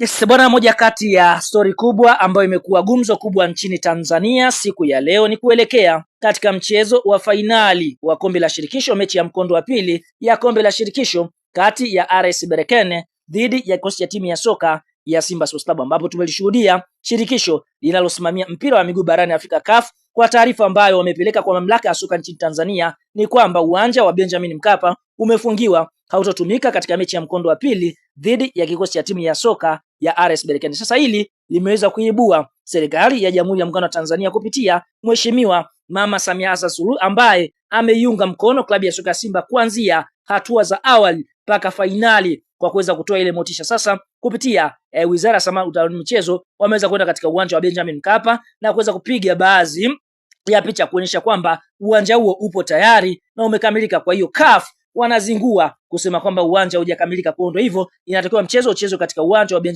Yes, bwana, moja kati ya stori kubwa ambayo imekuwa gumzo kubwa nchini Tanzania siku ya leo ni kuelekea katika mchezo wa fainali wa kombe la shirikisho, mechi ya mkondo wa pili ya kombe la shirikisho kati ya RS Berkane dhidi ya kikosi cha timu ya soka ya Simba Sports Club, ambapo tumelishuhudia shirikisho linalosimamia mpira wa miguu barani Afrika CAF. Kwa taarifa ambayo wamepeleka kwa mamlaka ya soka nchini Tanzania ni kwamba uwanja wa Benjamin Mkapa umefungiwa, hautotumika katika mechi ya mkondo wa pili dhidi ya kikosi cha timu ya soka ya RS Berkane. Sasa hili limeweza kuibua serikali ya Jamhuri ya Muungano wa Tanzania kupitia Mheshimiwa Mama Samia Hassan Suluhu ambaye ameiunga mkono klabu ya soka ya Simba kuanzia hatua za awali mpaka fainali kwa kuweza kutoa ile motisha. Sasa kupitia e, Wizara ya Sanaa, Utamaduni, Michezo wameweza kwenda katika uwanja wa Benjamin Mkapa na kuweza kupiga baadhi ya picha kuonyesha kwamba uwanja huo upo tayari na umekamilika. Kwa hiyo CAF wanazingua kusema kwamba uwanja hujakamilika. Kwa hivyo inatakiwa mchezo uchezwe katika uwanja wa Benjamin